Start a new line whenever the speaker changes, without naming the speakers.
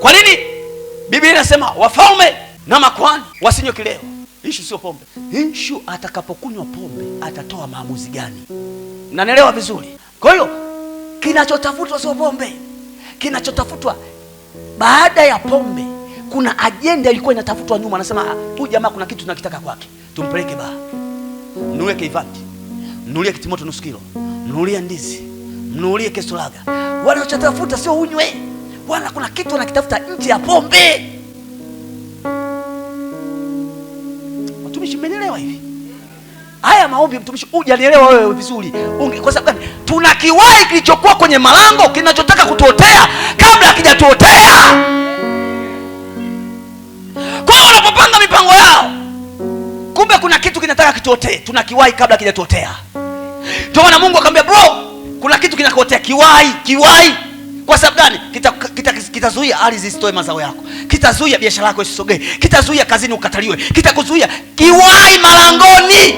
Kwa nini Biblia inasema wafalme na makwani wasinywe kileo? Ishu sio pombe. Ishu atakapokunywa pombe atatoa maamuzi gani? nanelewa vizuri? Kwa hiyo kinachotafutwa sio pombe, kinachotafutwa baada ya pombe kuna ajenda ilikuwa inatafutwa nyuma. Anasema huyu ah, jamaa kuna kitu tunakitaka kwake, tumpeleke baa, mnulie kivati, mnulie kitimoto nusu kilo, mnulie ndizi, mnulie kesolaga. Wanachotafuta sio unywe Bwana, kuna kitu anakitafuta nje ya pombe. Mtumishi, mmenielewa hivi? Haya maombi, mtumishi, hujanielewa wewe vizuri. Kwa sababu gani? Tuna kiwai kilichokuwa kwenye malango kinachotaka kutuotea kabla hakijatuotea. Kwa hiyo wanapopanga mipango yao, kumbe kuna kitu kinataka kituotee. Tuna kiwai kabla hakijatuotea. Ndio maana Mungu akamwambia bro, kuna kitu kinakuotea kiwai, kiwai kwa sababu gani? Kitazuia kita, kita ardhi isitoe mazao yako, kitazuia biashara yako isisogee, kitazuia kazini ukataliwe, kitakuzuia kiwai malangoni.